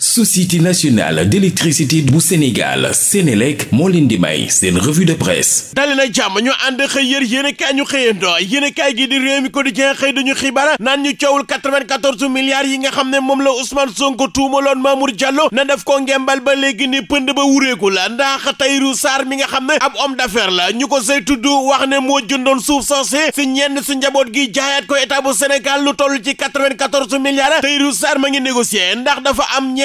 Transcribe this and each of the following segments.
société nationale d'électricité bu Sénégal Sénélec moo leen di may seen revue de presse dali jàmm ñu ànd xëy yër yéenekaay ñu xëyandoo yéenekaay gi di réew mi quotidien xëy dañu xibaar naan ñu coowul 94 yi nga xam ne moom la Ousmane Sonko tuumaloon Mamour Diallo na def ko ngembal ba léegi ni pënd ba wuréeku la ndax Tahirou Sarr mi nga xam ne ab homme d'affaires la ñu ko say tudd wax ne moo jëndoon suuf soosé si ñenn si njaboot gi jaayaat ko état bu Sénégal lu toll ci 94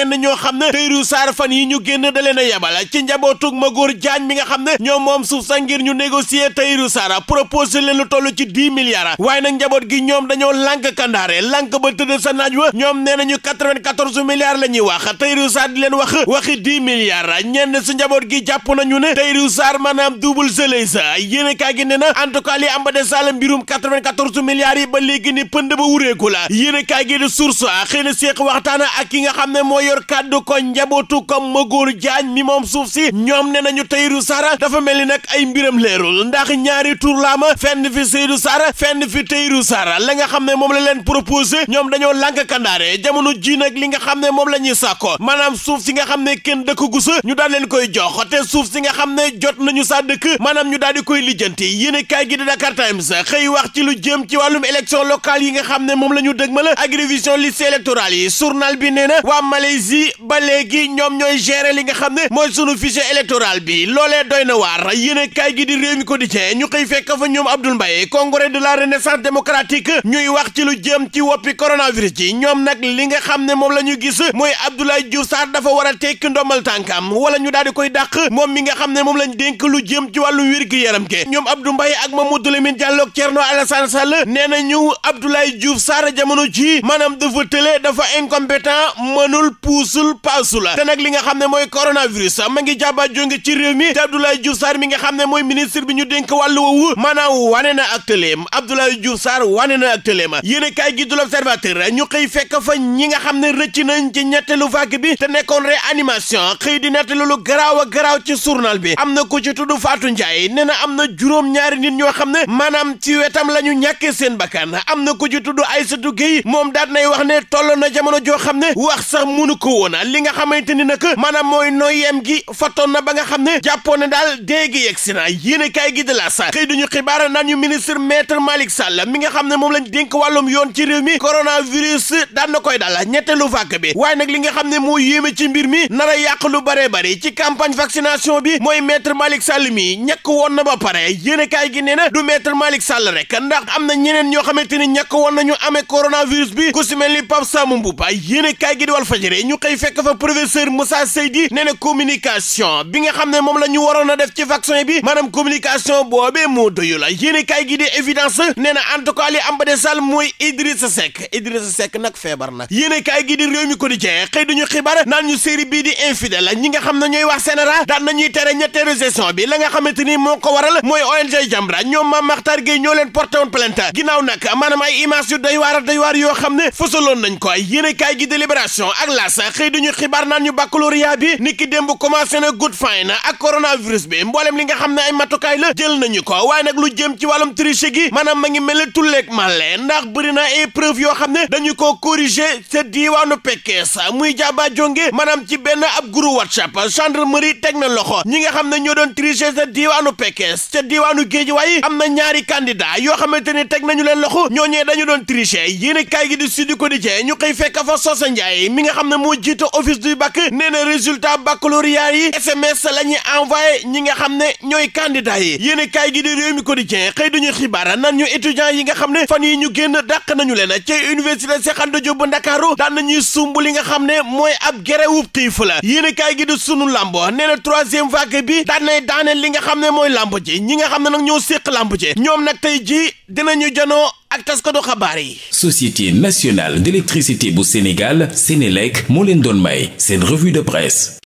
ñenn ñoo xam ne Tahirou Sarr fan yi ñu génn da leen a yebal ci njabootug Magor Diagne mi nga xam ne ñoom moom suuf sa ngir ñu négocier Tahirou Sarr proposé leen lu toll ci dix milliards waaye nag njaboot gi ñoom dañoo lànk kandaare lànk ba tëdd sa naaj wa ñoom nee nañu quatre-vingt-quatorze milliards la ñuy wax Tahirou Sarr di leen wax waxi dix milliards ñenn njaboot gi jàpp nañu ne Tahirou Sarr maanaam double gelée sa yéen kaa gi ne na en tout cas li am ba de sall mbirum quatre-vingt-quatorze milliards yi na seeq waxtaan ak ki yor kàddu ko njabootu ko Magour jaañ mi moom suuf si ñoom ne nañu Tahirou sara dafa mel ni nag ay mbiram leerul ndax ñaari tur la ma fenn fi Seydou sara fenn fi Tahirou Sarr la nga xam ne moom la leen proposé ñoom dañoo lank kandaare jamono ji nag li nga xam ne moom la ñuy sàkko maanaam suuf si nga xam ne kenn dëkk gu sa ñu daal leen koy jox te suuf si nga xam ne jot nañu sa dëkk maanaam ñu daal di koy lijjanti yéen kaay gi di Dakar Times xëy wax ci lu jëm ci wàllum élection locale yi nga xam ne moom la ñu dëgmal ak révision liste électorale yi journal bi nee na waa si ba léegi ñoom ñooy gérer li nga xam ne mooy sunu fichier électoral bi loolee doy na waar yéen kaay gi di réew mi quotidien ñu xëy fekk fa ñoom Abdoul Mbaye congrès de la renaissance démocratique ñuy wax ci lu jëm ci woppi coronavirus ci ñoom nag li nga xam ne moom la ñu gis mooy Abdoulaye Diouf Sarr dafa war a tekki ndombal tànkam wala ñu daal di koy dàq moom mi nga xam ne moom lañ dénk lu jëm ci wàllu wér gi yaram ke ñoom Abdou Mbaye ak Mamadou Lamine Diallo ak Thierno Alassane Sall nee na ñu Abdoulaye Diouf Sarr jamono ji maanaam dafa tële dafa incompétent mënul pour puusul paasula te nag li nga xam ne mooy coronavirus ma ngi jàbba jónge ci réew mi te Abdoulaye Diouf Sarr mi nga xam ne mooy ministre bi ñu dénk wàllu woowu maanaam wane na ak tëleem Abdoulaye Diouf Sarr wane na ak tëleem yéen kaay gi du l'Observateur ñu xëy fekk fa ñi nga xam ne rëcc nañ ci ñetteelu vague bi te nekkoon réanimation xëy di nettali lu garaaw a garaaw ci journal bi am na ko ci tudd Fatou Ndiaye nee na am na juróom-ñaari nit ñoo xam ne maanaam ci wetam la ñu ñàkkee seen bakkan am na ku ci tudd Aïssatou Gueye moom daat nay wax ne toll na jamono joo xam ko woona li nga xamante ni nag maanaam mooy noyyem gi fatoon na ba nga xam ne jàppoon ne daal déegi yegg si na yéene kaay gi de la sa xëy duñu xibaar naan ñu ministre maître Malick Sall mi nga xam ne moom lañ dénk wàllum yoon ci réew mi coronavirus daan na koy daal ñetteelu vague bi waaye nag li nga xam ne moo yéeme ci mbir mi nar a yàq lu bare bare ci campagne vaccination bi mooy maître Malick Sall mi ñàkk woon na ba pare yéene kaay gi nee na du maître Malick Sall rek ndax am na ñeneen ñoo xamante ni ñàkk woon nañu amee coronavirus bi ku si mel ni Pape Samou gi di Walf Fadjri ñu xëy fekk fa professeur Moussa Seydi nee na communication bi nga xam ne moom la ñu waroon a def ci vaccin bi maanaam communication boobee moo doyu la yéen kaay gi di évidence nee na en tout cas li am ba nag feebar na yéen kaay gi di réew mi quotidien xëy duñu xibaar naan ñu série bii di infidèle ñi nga xam ne ñooy wax sénéra daan nañuy tere ñetteelu session bi la nga xamante ni moo ko waral mooy ONG Jamra ñoom Mame Makhtar Gueye ñoo leen porté woon plainte ginnaaw nag maanaam ay image yu doy waar doy waar yoo xam ne fësaloon nañ ko yéen kaay gi libération ak laas las xëy duñu xibaar naan ñu baccalauréat bi niki démb commencé na good fine ak coronavirus bi mbooleem li nga xam ne ay matukaay la jël nañu ko waaye nag lu jëm ci wàllum triche gi maanaam ma ngi mel ne tulleeg màlle ndax bëri na épreuve yoo xam ne dañu ko corriger ca diiwaanu Pekes muy jàbba jonge maanaam ci benn ab groupe WhatsApp gendarmerie teg na loxo ñi nga xam ne ñoo doon tricher ca diiwaanu Pekes ca diiwaanu Géejawaay am na ñaari candidat yoo xamante ni teg nañu leen loxo ñooñee dañu doon tricher yéen a kaay gi di Sud Quotidien ñu xëy fekk fa Sosa Ndiaye mi nga xam ne mu jiite office du bac nee na résultat SMS la ñuy envoyé ñi nga xam ne ñooy candidat yi yéen a kaay gi di réew mi quotidien xëy duñu xibaar nan ñu étudiants yi nga xam ne fan yi ñu génn dàq nañu leen ci université Cheikh Anta Diop bu Ndakaaru daan nañuy sumb li nga xam ne mooy ab grève xiif la yéen a kaay gi di sunu lambo nee na troisième vague bi daan nay daaneel li nga xam ne mooy lamb ñi nga xam ne nag ñoo séq lamb ji ñoom janoo ak taskatu xabaar yi. Société nationale d'électricité bu Sénégal Sénélec moo leen doon may seen revue de presse.